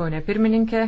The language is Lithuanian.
Pone pirmininkė,